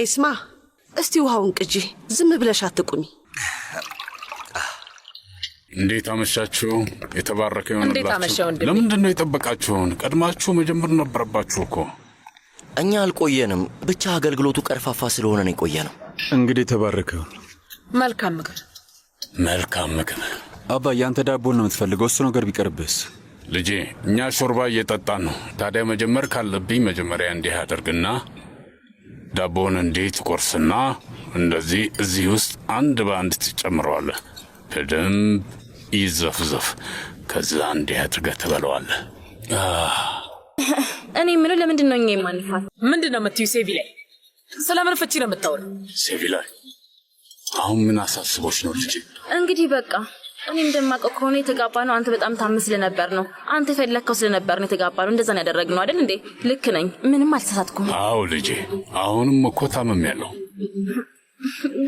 ኤስማ እስቲ ውሃውን ቅጂ። ዝም ብለሽ አትቁሚ። እንዴት አመሻችሁ። የተባረከ ይሆንላችሁ። ለምንድን ነው የጠበቃችሁን? ቀድማችሁ መጀመር ነበረባችሁ እኮ። እኛ አልቆየንም፣ ብቻ አገልግሎቱ ቀርፋፋ ስለሆነ ነው የቆየ ነው። እንግዲህ የተባረከ መልካም ምግብ፣ መልካም ምግብ። አባ ያንተ ዳቦ ነው የምትፈልገው? እሱ ነገር ቢቀርብስ? ልጄ፣ እኛ ሾርባ እየጠጣን ነው። ታዲያ መጀመር ካለብኝ መጀመሪያ እንዲህ አደርግና ዳቦን እንዲህ ትቆርስና እንደዚህ እዚህ ውስጥ አንድ በአንድ ትጨምረዋለህ። በደንብ ይዘፍዘፍ። ከዛ እንዲህ አድርገህ ትበለዋለህ። እኔ የምለው ለምንድን ነው እኛ የማንፋት? ምንድን ነው የምትዩ? ሴቪ ላይ ስለምን ፍቺ ነው የምታውለው? ሴቪ ላይ አሁን ምን አሳስቦች ነው ልጅ? እንግዲህ በቃ እኔ እንደማውቀው ከሆነ የተጋባ ነው። አንተ በጣም ታም ስለነበር ነው። አንተ የፈለግከው ስለነበር ነው የተጋባ ነው። እንደዛ ነው አይደል እንዴ? ልክ ነኝ። ምንም አልተሳትኩም አዎ ልጄ፣ አሁንም እኮ ታመም ያለው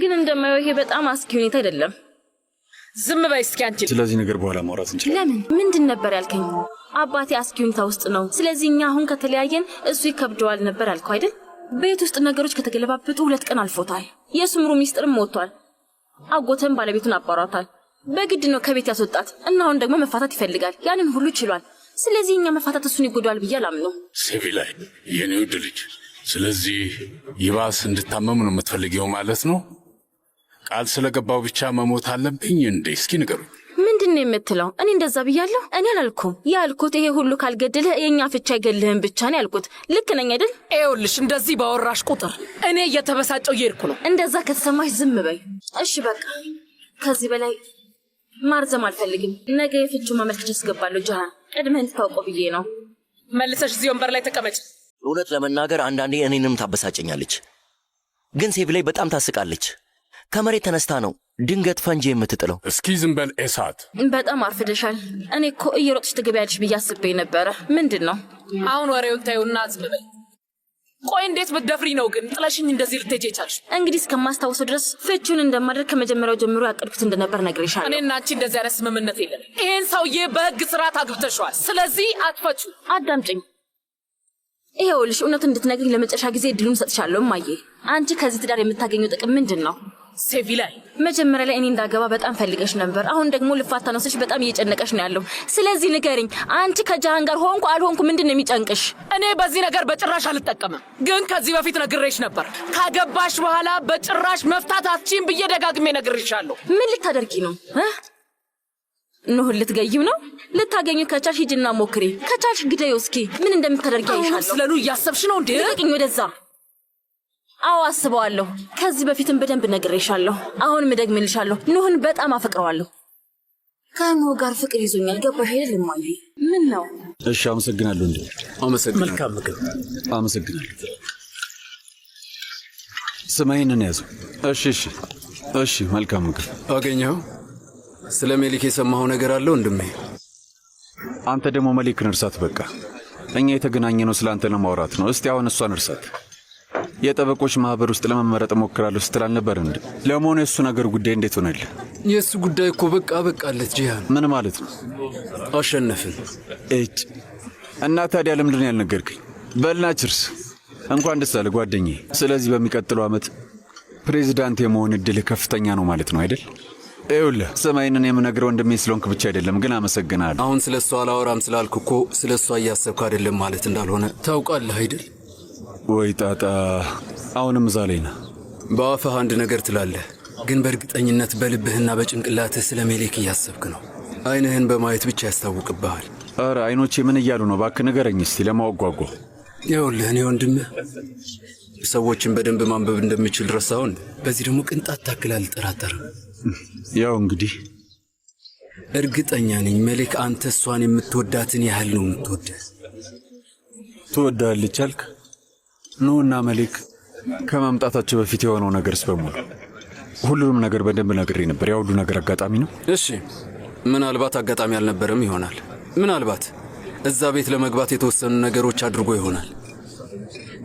ግን እንደማየው ይሄ በጣም አስጊ ሁኔታ አይደለም። ዝም በይ እስኪ አንቺ። ስለዚህ ነገር በኋላ ማውራት እንችላለን። ለምን ምንድን ነበር ያልከኝ? አባቴ አስጊ ሁኔታ ውስጥ ነው። ስለዚህ እኛ አሁን ከተለያየን እሱ ይከብደዋል ነበር ያልከው አይደል? ቤት ውስጥ ነገሮች ከተገለባበጡ ሁለት ቀን አልፎታል። የሱምሩ ሚስጥርም ወጥቷል። አጎተን ባለቤቱን አባሯታል። በግድ ነው ከቤት ያስወጣት እና አሁን ደግሞ መፋታት ይፈልጋል። ያንን ሁሉ ችሏል። ስለዚህ እኛ መፋታት እሱን ይጎዳዋል ብዬ አላምነው። ሴቪ ላይ የኔ ውድ ልጅ፣ ስለዚህ ይባስ እንድታመም ነው የምትፈልገው ማለት ነው? ቃል ስለገባው ብቻ መሞት አለብኝ እንዴ? እስኪ ንገሩኝ። ምንድን ነው የምትለው? እኔ እንደዛ ብያለሁ? እኔ አላልኩም። ያልኩት ይሄ ሁሉ ካልገድልህ የእኛ ፍቻ አይገልህም ብቻ ነው ያልኩት። ልክ ነኝ አይደል? ይኸውልሽ፣ እንደዚህ ባወራሽ ቁጥር እኔ እየተበሳጨው እየሄድኩ ነው። እንደዛ ከተሰማሽ ዝም በይ እሺ። በቃ ከዚህ በላይ ማርዘም አልፈልግም። ነገ የፍቹ መመልከች አስገባለሁ። ጃሃን ቅድምህን እንድታውቀው ብዬ ነው። መልሰሽ እዚህ ወንበር ላይ ተቀመጭ። እውነት ለመናገር አንዳንዴ እኔንም ታበሳጨኛለች፣ ግን ሴቪ ላይ በጣም ታስቃለች። ከመሬት ተነስታ ነው ድንገት ፈንጂ የምትጥለው። እስኪ ዝም በል ኤሳት፣ በጣም አርፍደሻል። እኔ እኮ እየሮጥሽ ትገቢያለሽ ብዬ አስቤ ነበረ። ምንድን ነው አሁን ወሬውን ታዩና ዝም ቆይ እንዴት ብትደፍሪ ነው ግን ጥለሽኝ እንደዚህ ልትሄጂ የቻልሽ? እንግዲህ እስከማስታውሰው ድረስ ፍቺውን እንደማደርግ ከመጀመሪያው ጀምሮ ያቀድኩት እንደነበር ነግሬሻለሁ። እኔና አንቺ እንደዚህ አይነት ስምምነት የለን። ይህን ሰውዬ በህግ ስርዓት አግብተሸዋል። ስለዚህ አትፈቹ። ይሄው ይኸውልሽ እውነቱን እንድትነግሪኝ ለመጨረሻ ጊዜ እድሉን ሰጥሻለሁ። ማየ አንቺ ከዚህ ትዳር የምታገኘው ጥቅም ምንድን ነው? ሴቪ ላይ መጀመሪያ ላይ እኔ እንዳገባ በጣም ፈልገሽ ነበር። አሁን ደግሞ ልፋታ ነው በጣም እየጨነቀሽ ነው ያለው። ስለዚህ ንገርኝ፣ አንቺ ከጃሃን ጋር ሆንኩ አልሆንኩ ምንድን ነው የሚጨንቅሽ? እኔ በዚህ ነገር በጭራሽ አልጠቀምም። ግን ከዚህ በፊት ነግሬሽ ነበር፣ ካገባሽ በኋላ በጭራሽ መፍታት አትችም ብዬ ደጋግሜ ነግሬሻለሁ። ምን ልታደርጊ ነው? ኖህ ልትገይም ነው? ልታገኙ ከቻልሽ ሂጂና ሞክሪ፣ ከቻልሽ ግደዩ። እስኪ ምን እንደምታደርጊ አይሻለሁ። ስለሉ እያሰብሽ ነው እንዴ? ልቀቅኝ ወደዛ አዎ አስበዋለሁ። ከዚህ በፊትም በደንብ ነግሬሻለሁ። አሁንም ደግሜልሻለሁ። ኑህን በጣም አፈቅረዋለሁ። ከኑህ ጋር ፍቅር ይዞኛል። ገባሽ አይደል? እማዬ ምን ነው? እሺ፣ አመሰግናለሁ። እንዴ፣ አመሰግናለሁ። መልካም ምግብ። አመሰግናለሁ። ስማይንን ያዘው። እሺ፣ እሺ፣ እሺ። መልካም ምግብ። አገኘኸው? ስለ ሜሊክ የሰማኸው ነገር አለው ወንድሜ? አንተ ደግሞ መሊክን እርሳት። በቃ እኛ የተገናኘነው ስለ አንተ ለማውራት ነው። እስቲ አሁን እሷን እርሳት። የጠበቆች ማህበር ውስጥ ለመመረጥ እሞክራለሁ ስትል አልነበር እንዴ? ለመሆኑ የእሱ ነገር ጉዳይ እንዴት ሆነል? የእሱ ጉዳይ እኮ በቃ በቃለት። ጂያ ምን ማለት ነው? አሸነፍን እጭ እና ታዲያ ለምንድን ያልነገርከኝ? በልና ችርስ እንኳን ደስ አለ ስለዚህ በሚቀጥለው ዓመት ፕሬዚዳንት የመሆን እድል ከፍተኛ ነው ማለት ነው አይደል? ይኸውልህ ሰማይንን የምነግረው ወንድሜ ስለሆንክ ብቻ አይደለም፣ ግን አመሰግናለሁ። አሁን ስለ እሷ አላወራም ስላልክ እኮ ስለ እሷ እያሰብክ አይደለም ማለት እንዳልሆነ ታውቃለህ አይደል? ወይ ጣጣ፣ አሁንም እዛ ላይ ነህ። በአፍህ አንድ ነገር ትላለህ፣ ግን በእርግጠኝነት በልብህና በጭንቅላትህ ስለ ሜሌክ እያሰብክ ነው። አይንህን በማየት ብቻ ያስታውቅብሃል። አረ አይኖቼ ምን እያሉ ነው? እባክህ ንገረኝ እስቲ ለማወጓጎ። ይኸውልህ እኔ ወንድምህ ሰዎችን በደንብ ማንበብ እንደምችል ረሳሁን። በዚህ ደግሞ ቅንጣት ታክል አልጠራጠርም። ያው እንግዲህ እርግጠኛ ነኝ መሌክ አንተ እሷን የምትወዳትን ያህል ነው የምትወደ ትወዳለች አልክ ኖህና መሌክ ከመምጣታቸው በፊት የሆነው ነገርስ በሙሉ ሁሉንም ነገር በደንብ ነግሬ ነበር። ያ ሁሉ ነገር አጋጣሚ ነው። እሺ፣ ምናልባት አጋጣሚ አልነበረም ይሆናል። ምናልባት እዛ ቤት ለመግባት የተወሰኑ ነገሮች አድርጎ ይሆናል።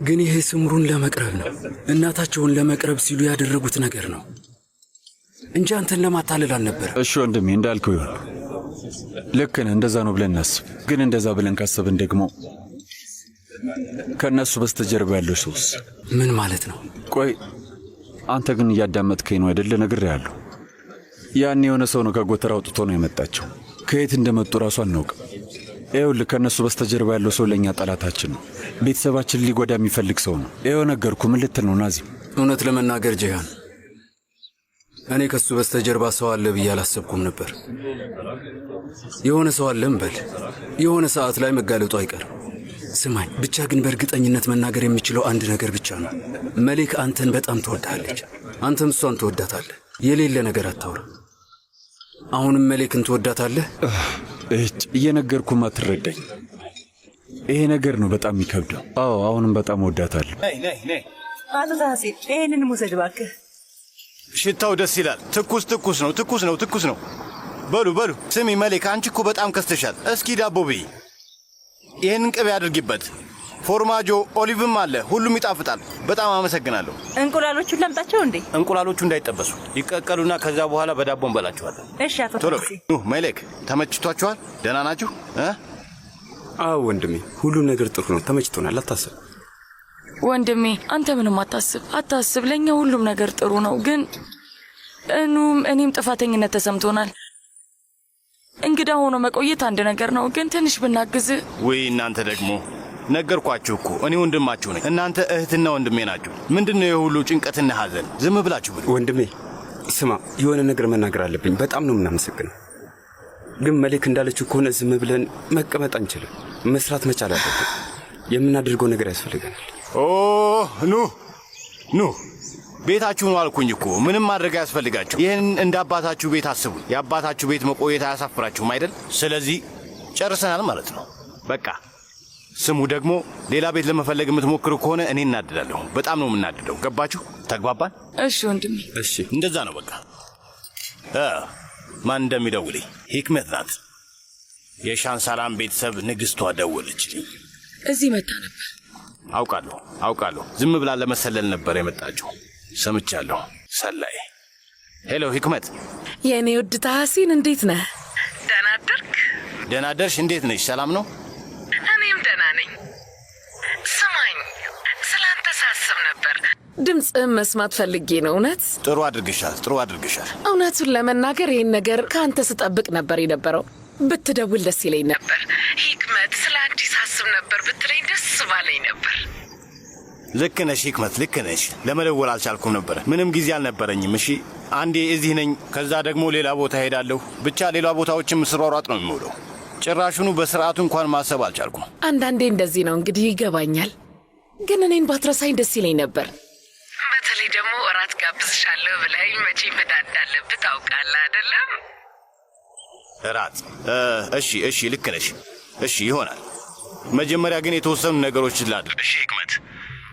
ግን ይሄ ስምሩን ለመቅረብ ነው። እናታቸውን ለመቅረብ ሲሉ ያደረጉት ነገር ነው እንጂ አንተን ለማታለል አልነበረ። እሺ ወንድሜ፣ እንዳልከው ይሆን። ልክ ነህ። እንደዛ ነው ብለን እናስብ። ግን እንደዛ ብለን ካሰብን ደግሞ ከእነሱ በስተጀርባ ያለው ሰውስ ምን ማለት ነው? ቆይ አንተ ግን እያዳመጥከኝ ነው አይደለ? ነግሬሃለሁ። ያን የሆነ ሰው ነው ከጎተራ አውጥቶ ነው የመጣቸው። ከየት እንደመጡ እራሱ አናውቅም። ይኸውልህ ከእነሱ በስተጀርባ ያለው ሰው ለእኛ ጠላታችን ነው። ቤተሰባችን ሊጎዳ የሚፈልግ ሰው ነው። ይኸው ነገርኩ። ምን ልትል ነው ናዚም? እውነት ለመናገር ጀያን፣ እኔ ከሱ በስተጀርባ ሰው አለ ብዬ አላሰብኩም ነበር። የሆነ ሰው አለ እንበል፣ የሆነ ሰዓት ላይ መጋለጡ አይቀርም። ስማኝ ብቻ ግን በእርግጠኝነት መናገር የምችለው አንድ ነገር ብቻ ነው። መሌክ አንተን በጣም ትወዳለች አንተም እሷን ትወዳታለህ። የሌለ ነገር አታውራ። አሁንም መሌክን ትወዳታለህ። እጭ እየነገርኩም አትረዳኝ። ይሄ ነገር ነው በጣም የሚከብደው። አዎ አሁንም በጣም ወዳታለሁ። አቶ ታሴ ይህንን ሙሰድ እባክህ። ሽታው ደስ ይላል። ትኩስ ትኩስ ነው፣ ትኩስ ነው፣ ትኩስ ነው። በሉ በሉ። ስሚ መሌክ፣ አንቺ እኮ በጣም ከስተሻል። እስኪ ዳቦ ብይ ይህንን ቅቤ አድርጊበት። ፎርማጆ ኦሊቭም አለ። ሁሉም ይጣፍጣል። በጣም አመሰግናለሁ። እንቁላሎቹን ለምጣቸው እንዴ? እንቁላሎቹ እንዳይጠበሱ ይቀቀሉና ከዛ በኋላ በዳቦ እንበላቸዋለን። እሺ አቶ ቶሎ መሌክ፣ ተመችቷችኋል? ደህና ናችሁ? አዎ ወንድሜ፣ ሁሉም ነገር ጥሩ ነው። ተመችቶናል። አታስብ ወንድሜ። አንተ ምንም አታስብ፣ አታስብ። ለእኛ ሁሉም ነገር ጥሩ ነው። ግን እኑም እኔም ጥፋተኝነት ተሰምቶናል። እንግዳ ሆኖ መቆየት አንድ ነገር ነው፣ ግን ትንሽ ብናግዝ። ውይ እናንተ ደግሞ ነገርኳችሁ እኮ እኔ ወንድማችሁ ነኝ። እናንተ እህትና ወንድሜ ናችሁ። ምንድን ነው የሁሉ ጭንቀትና ሐዘን? ዝም ብላችሁ ብሉ። ወንድሜ ስማ፣ የሆነ ነገር መናገር አለብኝ። በጣም ነው የምናመሰግነው፣ ግን መሌክ እንዳለችው ከሆነ ዝም ብለን መቀመጥ አንችልም። መስራት መቻል አለብን። የምናደርገው ነገር ያስፈልገናል። ኦ ኑ ኑ ቤታችሁ ነው አልኩኝ እኮ ምንም ማድረግ አያስፈልጋችሁ። ይህን እንደ አባታችሁ ቤት አስቡ። የአባታችሁ ቤት መቆየት አያሳፍራችሁም አይደል? ስለዚህ ጨርሰናል ማለት ነው። በቃ ስሙ፣ ደግሞ ሌላ ቤት ለመፈለግ የምትሞክሩ ከሆነ እኔ እናድዳለሁ። በጣም ነው የምናድደው። ገባችሁ? ተግባባን? እሺ ወንድም። እሺ፣ እንደዛ ነው በቃ። ማን እንደሚደውልኝ ሂክመት ናት። የሻንሳላም ቤተሰብ ንግሥቷ ደወለችልኝ። እዚህ መታ ነበር። አውቃለሁ፣ አውቃለሁ። ዝም ብላ ለመሰለል ነበር የመጣችው። ሰምቻለሁ። ሰላይ ሄሎ፣ ህክመት የእኔ ውድ ታሐሲን፣ እንዴት ነህ? ደህና አደርክ? ደህና አደርሽ? እንዴት ነሽ? ሰላም ነው? እኔም ደህና ነኝ። ስማኝ፣ አንተ ሳስብ ነበር። ድምፅህም መስማት ፈልጌ ነው። እውነት ጥሩ አድርግሻል፣ ጥሩ አድርግሻል። እውነቱን ለመናገር ይህን ነገር ከአንተ ስጠብቅ ነበር የነበረው። ብትደውል ደስ ይለኝ ነበር። ህክመት፣ ስለ አዲስ አስብ ነበር ብትለኝ ደስ ባለኝ ነበር። ልክ ነሽ ህክመት፣ ልክ ነሽ። ለመደወል አልቻልኩም ነበረ፣ ምንም ጊዜ አልነበረኝም። እሺ አንዴ እዚህ ነኝ፣ ከዛ ደግሞ ሌላ ቦታ ሄዳለሁ። ብቻ ሌላ ቦታዎችም ስሯሯጥ ነው የሚውለው። ጭራሹኑ በስርዓቱ እንኳን ማሰብ አልቻልኩም። አንዳንዴ እንደዚህ ነው እንግዲህ። ይገባኛል፣ ግን እኔን ባትረሳኝ ደስ ይለኝ ነበር። በተለይ ደግሞ እራት ጋብዝሻለሁ ብላይ መቼ መዳ እንዳለብህ ታውቃለህ አይደለም? እራት። እሺ፣ እሺ፣ ልክ ነሽ። እሺ ይሆናል። መጀመሪያ ግን የተወሰኑ ነገሮች ላድርግ። እሺ ህክመት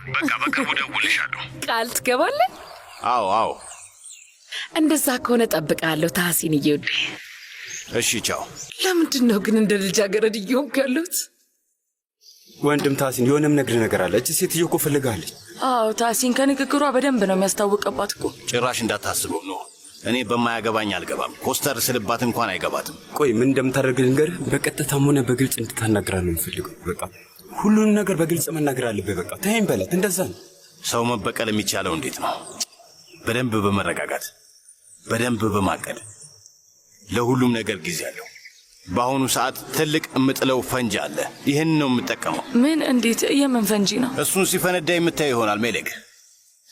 በቃ በቅርቡ ደውልሻለሁ። ቃል ትገባለህ? አዎ አዎ። እንደዛ ከሆነ ጠብቃለሁ ታህሲን እየወድ እሺ፣ ቻው። ለምንድን ነው ግን እንደ ልጃገረድ እየሆንኩ ያለሁት? ወንድም ታሲን የሆነም ነግር ነገር አለ። እች ሴትዮ እኮ ፈልጋለች። አዎ ታሲን ከንግግሯ በደንብ ነው የሚያስታውቅባት እኮ። ጭራሽ እንዳታስበው ነው። እኔ በማያገባኝ አልገባም። ኮስተር ስልባት እንኳን አይገባትም። ቆይ ምን እንደምታደርግ ልንገርህ። በቀጥታም ሆነ በግልጽ እንድታናግራ ነው የምፈልገው። በቃ ሁሉንም ነገር በግልጽ መናገር አለብህ። በቃ ታይም በላት። እንደዛ ነው። ሰው መበቀል የሚቻለው እንዴት ነው? በደንብ በመረጋጋት በደንብ በማቀድ ለሁሉም ነገር ጊዜ አለው። በአሁኑ ሰዓት ትልቅ የምጥለው ፈንጂ አለ። ይህን ነው የምጠቀመው። ምን? እንዴት? የምን ፈንጂ ነው? እሱን ሲፈነዳ የምታየው ይሆናል። ሜሌክ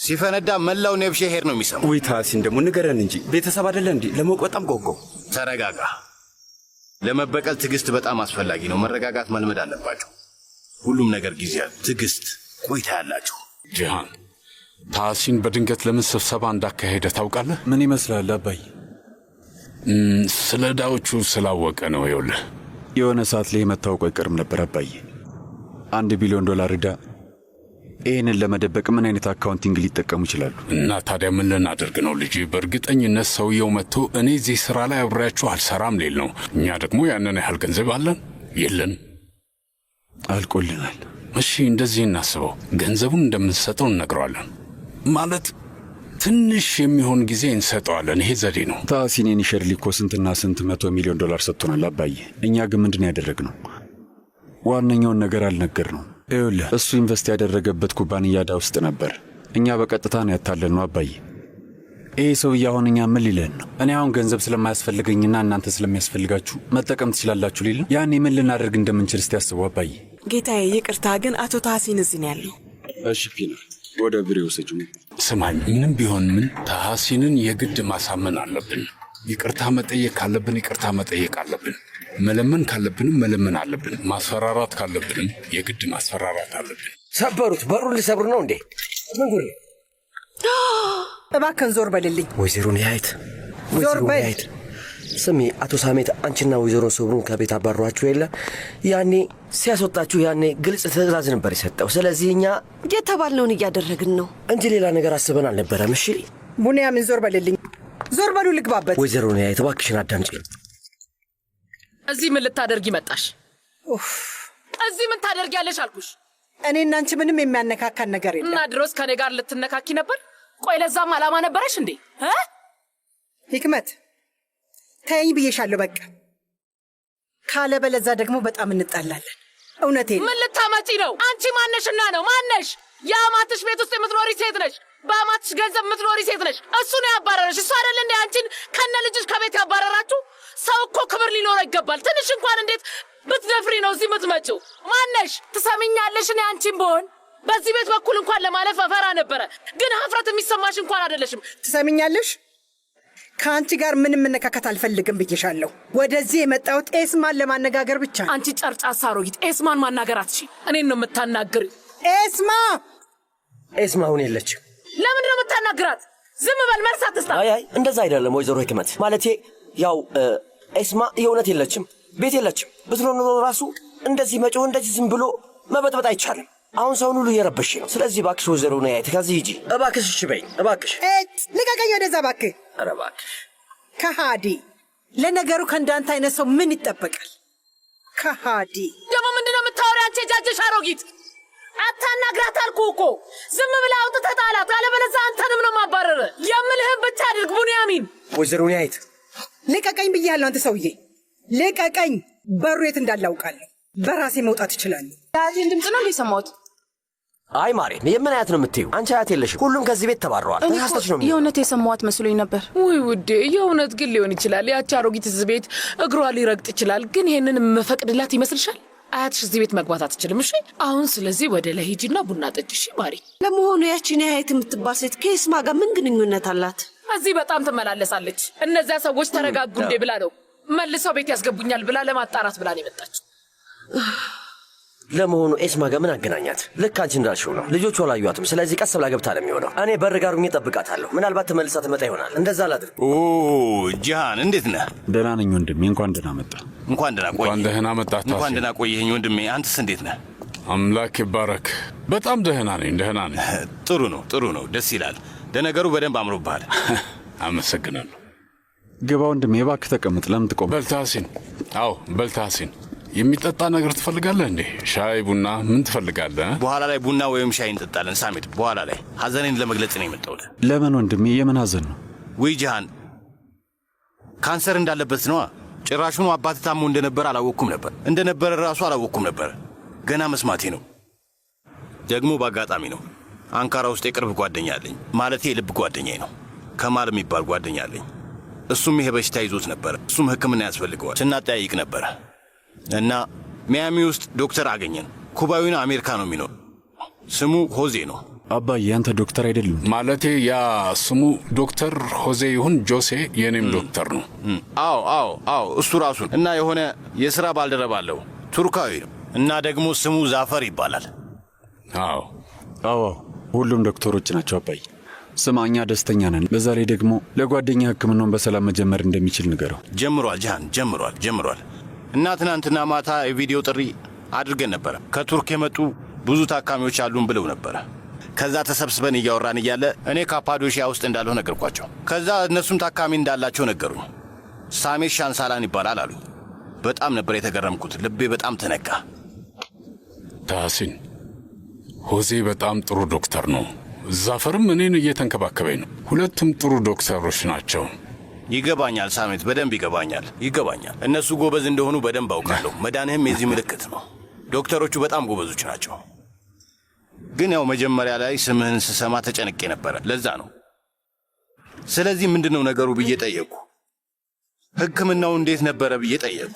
ሲፈነዳ መላው ኔብሼ ሄር ነው የሚሰማው። ወይ ታሲን ደግሞ ንገረን እንጂ ቤተሰብ አይደለ እንዴ? ለማወቅ በጣም ጓጓው። ተረጋጋ። ለመበቀል ትዕግስት በጣም አስፈላጊ ነው። መረጋጋት መልመድ አለባቸው። ሁሉም ነገር ጊዜ፣ ትዕግስት፣ ቆይታ ያላችሁ። ጂሃን ታሲን በድንገት ለምን ስብሰባ እንዳካሄደ ታውቃለህ? ምን ይመስላል አባይ? ስለ ዳዎቹ ስላወቀ ነው። ይኸውልህ የሆነ ሰዓት ላይ መታወቁ አይቀርም ነበር አባይ። አንድ ቢሊዮን ዶላር ዳ ይህንን ለመደበቅ ምን አይነት አካውንቲንግ ሊጠቀሙ ይችላሉ? እና ታዲያ ምን ልናደርግ ነው ልጅ? በእርግጠኝነት ሰውየው መጥቶ እኔ እዚህ ስራ ላይ አብሬያችሁ አልሰራም ሌል ነው። እኛ ደግሞ ያንን ያህል ገንዘብ አለን የለን አልቆልናል። እሺ እንደዚህ እናስበው። ገንዘቡን እንደምንሰጠው እንነግረዋለን። ማለት ትንሽ የሚሆን ጊዜ እንሰጠዋለን። ይሄ ዘዴ ነው። ታሲኔን ሸርሊ እኮ ስንትና ስንት መቶ ሚሊዮን ዶላር ሰጥቶናል አባዬ። እኛ ግን ምንድን ያደረግነው ዋነኛውን ነገር አልነገርነውም። ይኸውልህ እሱ ኢንቨስት ያደረገበት ኩባንያ ዕዳ ውስጥ ነበር። እኛ በቀጥታ ነው ነው አባዬ። ይህ ሰውዬ አሁን እኛ ምን ሊለን ነው? እኔ አሁን ገንዘብ ስለማያስፈልገኝና እናንተ ስለሚያስፈልጋችሁ መጠቀም ትችላላችሁ ሊል ነው። ያኔ ምን ልናደርግ እንደምንችል እስቲ አስቡ አባዬ። ጌታዬ ይቅርታ፣ ግን አቶ ታሐሲን እዚህ ነው ያለው። እሺ ፒና፣ ወደ ብሬ ውሰጅ። ስማኝ፣ ምንም ቢሆን ምን ታሐሲንን የግድ ማሳመን አለብን። ይቅርታ መጠየቅ ካለብን ይቅርታ መጠየቅ አለብን። መለመን ካለብንም መለመን አለብን። ማስፈራራት ካለብንም የግድ ማስፈራራት አለብን። ሰበሩት፣ በሩን ሊሰብር ነው እንዴ? ምን ጉድ! እባክህን ዞር በልልኝ። ወይዘሮ ንያየት፣ ዞር በል ስሚ አቶ ሳሜት አንቺና ወይዘሮ ስብሩን ከቤት አባሯችሁ የለ? ያኔ ሲያስወጣችሁ ያኔ ግልጽ ትዕዛዝ ነበር የሰጠው። ስለዚህ እኛ የተባልነውን እያደረግን ነው እንጂ ሌላ ነገር አስበን አልነበረም። እሺ ቡንያምን ዞር በልልኝ፣ ዞር በሉ ልግባበት። ወይዘሮ ንያየት የተባክሽን አዳምጪ። እዚህ ምን ልታደርጊ መጣሽ? እዚህ ምን ያለሽ አልኩሽ። እኔና እናንቺ ምንም የሚያነካካን ነገር የለም። እና ድሮስ ከኔ ጋር ልትነካኪ ነበር? ቆይ ለዛም ዓላማ ነበረሽ እንዴ? ህክመት ተይኝ ብዬሻለሁ። በቃ ካለበለዛ ደግሞ በጣም እንጣላለን። እውነቴ ምን ልታመጪ ነው አንቺ? ማነሽና ነው ማነሽ? የአማትሽ ቤት ውስጥ የምትኖሪ ሴት ነሽ። በአማትሽ ገንዘብ የምትኖሪ ሴት ነሽ። እሱ ነው ያባረረሽ። እሱ አይደል እንዴ አንቺን ከነ ልጅሽ ከቤት ያባረራችሁ? ሰው እኮ ክብር ሊኖረው ይገባል። ትንሽ እንኳን እንዴት ብትደፍሪ ነው እዚህ የምትመጪው? ማነሽ? ትሰሚኛለሽ? እኔ አንቺን በሆን በዚህ ቤት በኩል እንኳን ለማለፍ ፈራ ነበረ፣ ግን ሀፍረት የሚሰማሽ እንኳን አይደለሽም። ትሰሚኛለሽ? ከአንቺ ጋር ምንም መነካከት አልፈልግም ብዬሻለሁ። ወደዚህ የመጣሁት ኤስማን ለማነጋገር ብቻ። አንቺ ጨርጫሳ አሮጊት፣ ኤስማን ማናገር አትሺ። እኔን ነው የምታናግር? ኤስማ ኤስማ አሁን የለችም። ለምንድን ነው የምታናግራት? ዝም በል መልስ አትስጣ። አይ አይ፣ እንደዛ አይደለም ወይዘሮ ህክመት። ማለቴ ያው ኤስማ የእውነት የለችም፣ ቤት የለችም። ብትኖር ኖሮ ራሱ እንደዚህ መጮህ እንደዚህ ዝም ብሎ መበጥበጥ አይቻልም። አሁን ሰውን ሁሉ እየረበሽ ነው። ስለዚህ እባክሽ ወይዘሮ ነይ ከዚህ ሂጂ እባክሽ። እሺ በይኝ እባክሽ። ልቀቀኝ ወደዛ እባክህ ኧረ እባክሽ ከሃዲ። ለነገሩ ከእንዳንተ አይነት ሰው ምን ይጠበቃል? ከሃዲ ደግሞ ምንድነው የምታወሪ አንቺ የጃጀሽ አሮጊት? አታናግራት አልኩ እኮ። ዝም ብላ አውጥተህ ጣላት፣ አለበለዚያ አንተንም ነው ማባረረ። የምልህን ብቻ አድርግ ቡንያሚን። ወይዘሮ ኒያየት ልቀቀኝ ብያለሁ። አንተ ሰውዬ ልቀቀኝ። በሩ የት እንዳላውቃለሁ በራሴ መውጣት እችላለሁ። ያዚህን ድምፅ ነው እንደ አይ ማሬ፣ የምን አያት ነው የምትዩ? አንቺ አያት የለሽም። ሁሉም ከዚህ ቤት ተባረዋል። ራስተች ነው የእውነት የሰማዋት መስሎኝ ነበር። ውይ ውዴ፣ የእውነት ግን ሊሆን ይችላል። ያቺ አሮጊት እዚህ ቤት እግሯ ሊረግጥ ይችላል። ግን ይህንን መፈቅድላት ይመስልሻል? አያትሽ እዚህ ቤት መግባት አትችልም። እሺ፣ አሁን ስለዚህ ወደ ላይ ሂጂና ቡና ጠጪ። እሺ ማሪ። ለመሆኑ ያቺን ያየት የምትባል ሴት ከስማ ጋር ምን ግንኙነት አላት? እዚህ በጣም ትመላለሳለች። እነዚያ ሰዎች ተረጋጉ እንዴ ብላ ነው መልሰው ቤት ያስገቡኛል ብላ ለማጣራት ብላ ነው የመጣችው። ለመሆኑ ኤስማ ጋር ምን አገናኛት? ልክ አንቺ እንዳልሽው ነው። ልጆቹ አላዩዋትም። ስለዚህ ቀስ ብላ ገብታ ነው የሚሆነው። እኔ በር ጋር ሁኜ እጠብቃታለሁ። ምናልባት ተመልሳ ትመጣ ይሆናል። እንደዛ አላድር። ጂሃን እንዴት ነህ? ደህና ነኝ ወንድሜ። እንኳን ደህና መጣ። እንኳን ደህና ቆይ። እንኳን ደህና መጣ። እንኳን ደህና ቆየህኝ ወንድሜ። አንተስ እንዴት ነህ? አምላክ ይባረክ። በጣም ደህና ነኝ፣ ደህና ነኝ። ጥሩ ነው፣ ጥሩ ነው። ደስ ይላል። ለነገሩ በደንብ አምሮብሃል። አመሰግናለሁ። ግባ ወንድሜ፣ እባክህ ተቀምጥ። ለምን ትቆም? በልተህ አዎ በልታሲን። የሚጠጣ ነገር ትፈልጋለህ እንዴ? ሻይ ቡና፣ ምን ትፈልጋለህ? በኋላ ላይ ቡና ወይም ሻይ እንጠጣለን ሳሜት። በኋላ ላይ ሀዘኔን ለመግለጽ ነው የመጣሁት። ለምን ወንድሜ? የምን ሀዘን ነው? ውይ ጃሃን ካንሰር እንዳለበት ነዋ። ጭራሹኑ አባት ታሞ እንደነበር አላወቅኩም ነበር። እንደነበረ ራሱ አላወቅኩም ነበር። ገና መስማቴ ነው። ደግሞ በአጋጣሚ ነው። አንካራ ውስጥ የቅርብ ጓደኛ አለኝ፣ ማለቴ የልብ ጓደኛዬ ነው። ከማል የሚባል ጓደኛ አለኝ። እሱም ይሄ በሽታ ይዞት ነበር። እሱም ሕክምና ያስፈልገዋል። ስናጠያይቅ ነበረ እና ሚያሚ ውስጥ ዶክተር አገኘን። ኩባዊን አሜሪካ ነው የሚኖር። ስሙ ሆዜ ነው። አባ ያንተ ዶክተር አይደለም ማለቴ፣ ያ ስሙ ዶክተር ሆዜ ይሁን ጆሴ የኔም ዶክተር ነው። አዎ አዎ አዎ፣ እሱ ራሱ እና የሆነ የስራ ባልደረባ አለው ቱርካዊ ነው እና ደግሞ ስሙ ዛፈር ይባላል። አዎ አዎ፣ ሁሉም ዶክተሮች ናቸው አባይ ስማ እኛ ደስተኛ ነን። በዛ ላይ ደግሞ ለጓደኛ ህክምናውን በሰላም መጀመር እንደሚችል ንገረው። ጀምሯል፣ ጃሃን ጀምሯል፣ ጀምሯል ጃን ጀምሯል ጀምሯል እና ትናንትና ማታ የቪዲዮ ጥሪ አድርገን ነበረ። ከቱርክ የመጡ ብዙ ታካሚዎች አሉን ብለው ነበረ። ከዛ ተሰብስበን እያወራን እያለ እኔ ካፓዶሺያ ውስጥ እንዳለሁ ነገርኳቸው። ከዛ እነሱም ታካሚ እንዳላቸው ነገሩኝ። ሳሜት ሻንሳላን ይባላል አሉኝ። በጣም ነበር የተገረምኩት። ልቤ በጣም ተነቃ። ታሲን ሆዜ በጣም ጥሩ ዶክተር ነው። ዛፈርም እኔን እየተንከባከበኝ ነው። ሁለቱም ጥሩ ዶክተሮች ናቸው። ይገባኛል ሳሜት፣ በደንብ ይገባኛል ይገባኛል። እነሱ ጎበዝ እንደሆኑ በደንብ አውቃለሁ። መዳንህም የዚህ ምልክት ነው። ዶክተሮቹ በጣም ጎበዞች ናቸው። ግን ያው መጀመሪያ ላይ ስምህን ስሰማ ተጨንቄ ነበረ። ለዛ ነው። ስለዚህ ምንድነው ነገሩ ብዬ ጠየቁ። ህክምናው እንዴት ነበረ ብዬ ጠየቁ።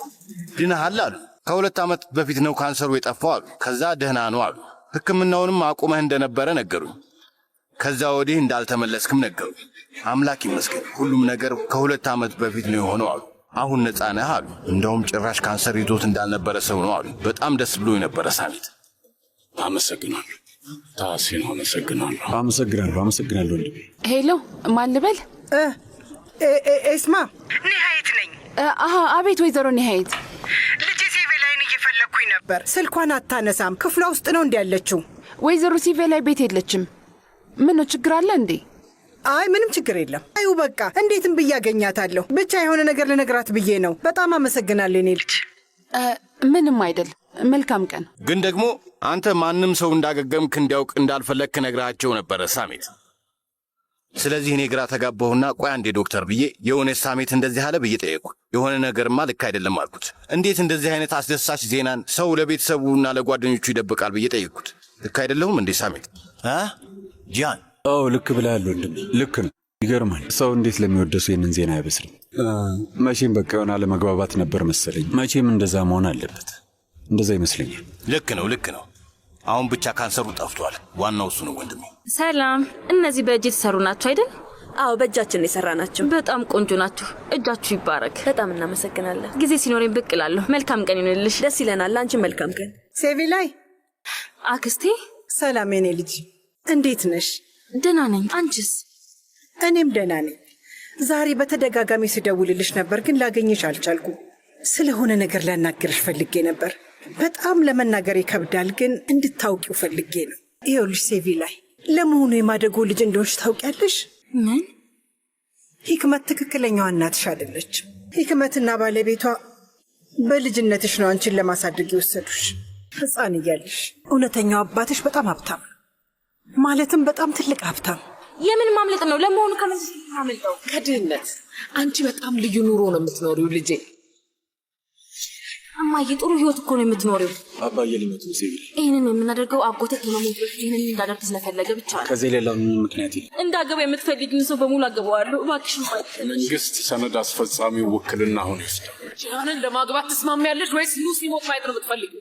ድናሃል አሉ። ከሁለት ዓመት በፊት ነው ካንሰሩ የጠፋው አሉ። ከዛ ደህና ነው አሉ። ህክምናውንም አቁመህ እንደነበረ ነገሩኝ። ከዛ ወዲህ እንዳልተመለስክም ነገሩ። አምላክ ይመስገን ሁሉም ነገር ከሁለት ዓመት በፊት ነው የሆነው አሉ። አሁን ነፃ ነህ አሉ። እንደውም ጭራሽ ካንሰር ይዞት እንዳልነበረ ሰው ነው አሉ። በጣም ደስ ብሎ የነበረ ሳሚት። አመሰግናለሁ ታሲን፣ አመሰግናለሁ። አመሰግናለሁ፣ አመሰግናለሁ። ወንድሜ ሄሎ፣ ማን ልበል? ኤስማ ኒሀይት ነኝ። አቤት ወይዘሮ ኒሀይት ነበር ስልኳን አታነሳም። ክፍሏ ውስጥ ነው እንዲ ያለችው። ወይዘሮ ሲቬ ላይ ቤት የለችም። ምን ነው ችግር አለ እንዴ? አይ ምንም ችግር የለም። አዩ በቃ እንዴትም ብዬ አገኛታለሁ። ብቻ የሆነ ነገር ልነግራት ብዬ ነው። በጣም አመሰግናለሁ ኔ ልጅ። ምንም አይደል። መልካም ቀን። ግን ደግሞ አንተ ማንም ሰው እንዳገገምክ እንዲያውቅ እንዳልፈለግክ ነግራቸው ነበረ ሳሜት። ስለዚህ እኔ ግራ ተጋባሁና ቆይ አንዴ ዶክተር ብዬ የሆነ ሳሜት እንደዚህ አለ ብዬ ጠየቅኩ። የሆነ ነገርማ ልክ አይደለም አልኩት። እንዴት እንደዚህ አይነት አስደሳች ዜናን ሰው ለቤተሰቡና ለጓደኞቹ ይደብቃል ብዬ ጠየቅኩት። ልክ አይደለሁም እንዴ ሳሜት? ጃን። አዎ ልክ ብለሃል ወንድም፣ ልክ ነው። ይገርማል ሰው እንዴት ለሚወደሱ ይህንን ዜና አይበስልም። መቼም በቃ የሆነ አለመግባባት ነበር መሰለኝ። መቼም እንደዛ መሆን አለበት። እንደዛ ይመስለኛል። ልክ ነው፣ ልክ ነው። አሁን ብቻ ካንሰሩ ጠፍቷል። ዋናው እሱ ነው ወንድሜ። ሰላም፣ እነዚህ በእጅ የተሰሩ ናቸው አይደል? አዎ በእጃችን የሰራ ናቸው። በጣም ቆንጆ ናችሁ። እጃችሁ ይባረክ። በጣም እናመሰግናለን። ጊዜ ሲኖረኝ ብቅ እላለሁ። መልካም ቀን ይሆንልሽ። ደስ ይለናል። አንቺ መልካም ቀን። ሴቪ ላይ አክስቴ። ሰላም የኔ ልጅ እንዴት ነሽ? ደህና ነኝ። አንቺስ? እኔም ደህና ነኝ። ዛሬ በተደጋጋሚ ስደውልልሽ ነበር፣ ግን ላገኘሽ አልቻልኩም። ስለሆነ ነገር ላናገርሽ ፈልጌ ነበር። በጣም ለመናገር ይከብዳል፣ ግን እንድታውቂው ፈልጌ ነው። ይኸውልሽ ሴቪ ላይ ለመሆኑ የማደጎ ልጅ እንደሆንሽ ታውቂያለሽ? ምን? ሂክመት ትክክለኛዋ እናትሽ አይደለች። ሂክመትና ባለቤቷ በልጅነትሽ ነው አንቺን ለማሳደግ የወሰዱሽ። ሕፃን እያለሽ እውነተኛው አባትሽ በጣም ሀብታም ማለትም በጣም ትልቅ ሀብታም። የምን ማምለጥ ነው ለመሆኑ? ከምን ከምናምልጠው ከድህነት። አንቺ በጣም ልዩ ኑሮ ነው የምትኖሪው ልጄ። እማዬ ጥሩ ህይወት እኮ ነው የምትኖሪው። አባዬ ሊመጡ ሲቪል ይህንን የምናደርገው አጎተ ከመሞት ይህንን እንዳደርግ ስለፈለገ ብቻ ነው። ከዚህ ሌላ ምንም ምክንያት እንዳገበ የምትፈልግን ሰው በሙሉ አገባዋለሁ። እባክሽ መንግስት ሰነድ አስፈጻሚው ውክልና አሁን ይወስዳል። ጃንን ለማግባት ትስማሚያለሽ ወይስ ሉሲ ሞት ማየት ነው የምትፈልግ?